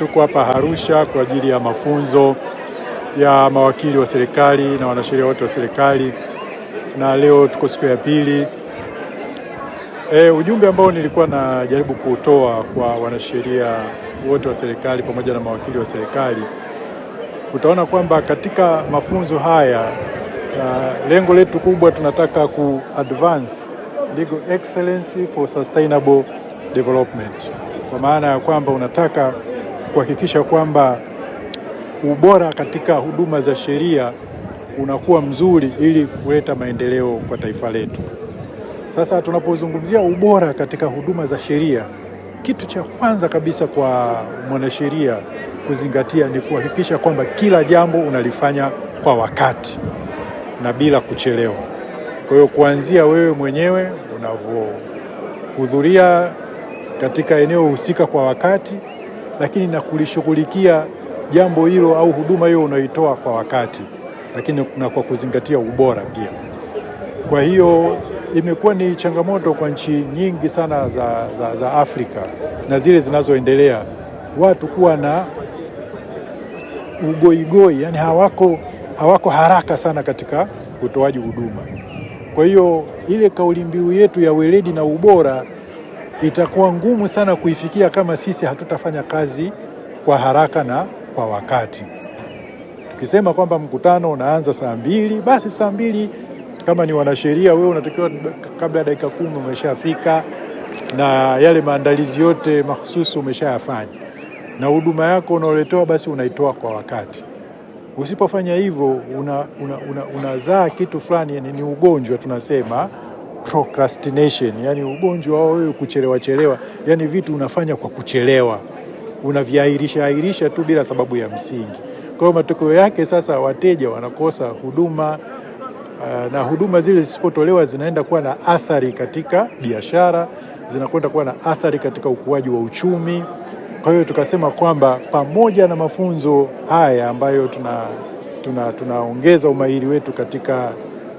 Tuko hapa Arusha kwa ajili ya mafunzo ya mawakili wa serikali na wanasheria wote wa serikali, na leo tuko siku ya pili. E, ujumbe ambao nilikuwa najaribu kuutoa kwa wanasheria wote wa serikali pamoja na mawakili wa serikali, utaona kwamba katika mafunzo haya uh, lengo letu kubwa tunataka ku advance legal excellence for sustainable development, kwa maana ya kwamba unataka kuhakikisha kwamba ubora katika huduma za sheria unakuwa mzuri ili kuleta maendeleo kwa taifa letu. Sasa tunapozungumzia ubora katika huduma za sheria, kitu cha kwanza kabisa kwa mwanasheria kuzingatia ni kuhakikisha kwamba kila jambo unalifanya kwa wakati na bila kuchelewa. Kwa hiyo kuanzia wewe mwenyewe unavyohudhuria katika eneo husika kwa wakati lakini na kulishughulikia jambo hilo au huduma hiyo unaitoa kwa wakati, lakini na kwa kuzingatia ubora pia. Kwa hiyo imekuwa ni changamoto kwa nchi nyingi sana za, za, za Afrika na zile zinazoendelea watu kuwa na ugoigoi, yani hawako, hawako haraka sana katika utoaji huduma. Kwa hiyo ile kauli mbiu yetu ya weledi na ubora itakuwa ngumu sana kuifikia kama sisi hatutafanya kazi kwa haraka na kwa wakati. Tukisema kwamba mkutano unaanza saa mbili, basi saa mbili kama ni wanasheria, wewe unatakiwa kabla ya dakika kumi umeshafika na yale maandalizi yote mahususi umeshayafanya, na huduma yako unaoletewa basi unaitoa kwa wakati. Usipofanya hivyo, unazaa una, una, una kitu fulani, ni ugonjwa tunasema procrastination, yani ugonjwa wa wewe kuchelewa chelewa, yani vitu unafanya kwa kuchelewa, unaviahirisha ahirisha tu bila sababu ya msingi. Kwa hiyo matokeo yake sasa wateja wanakosa huduma eh, na huduma zile zisipotolewa zinaenda kuwa na athari katika biashara, zinakwenda kuwa na athari katika ukuaji wa uchumi. Kwa hiyo tukasema kwamba pamoja na mafunzo haya ambayo tuna tunaongeza tuna umahiri wetu katika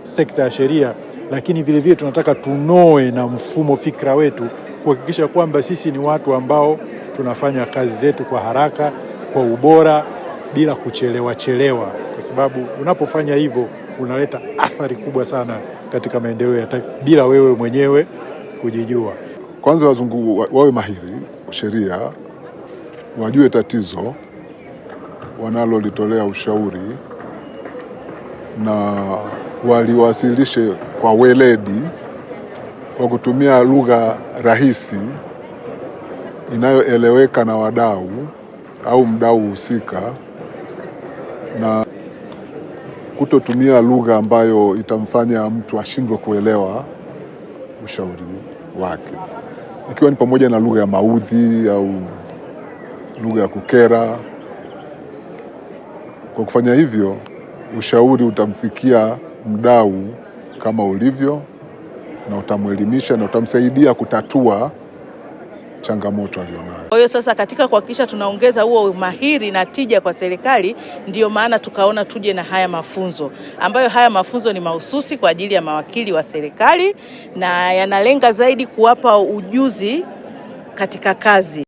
sekta ya sheria, lakini vilevile tunataka tunoe na mfumo fikra wetu kuhakikisha kwamba sisi ni watu ambao tunafanya kazi zetu kwa haraka, kwa ubora, bila kuchelewa chelewa, kwa sababu unapofanya hivyo unaleta athari kubwa sana katika maendeleo ya taifa bila wewe mwenyewe kujijua. Kwanza wazungu wawe mahiri sheria, wajue tatizo wanalolitolea ushauri na waliwasilishe kwa weledi kwa kutumia lugha rahisi inayoeleweka na wadau au mdau husika na kutotumia lugha ambayo itamfanya mtu ashindwe kuelewa ushauri wake, ikiwa ni pamoja na lugha ya maudhi au lugha ya kukera. Kwa kufanya hivyo, ushauri utamfikia mdau kama ulivyo, na utamwelimisha na utamsaidia kutatua changamoto aliyonayo. Kwa hiyo sasa, katika kuhakikisha tunaongeza huo umahiri na tija kwa serikali, ndiyo maana tukaona tuje na haya mafunzo ambayo haya mafunzo ni mahususi kwa ajili ya mawakili wa serikali na yanalenga zaidi kuwapa ujuzi katika kazi.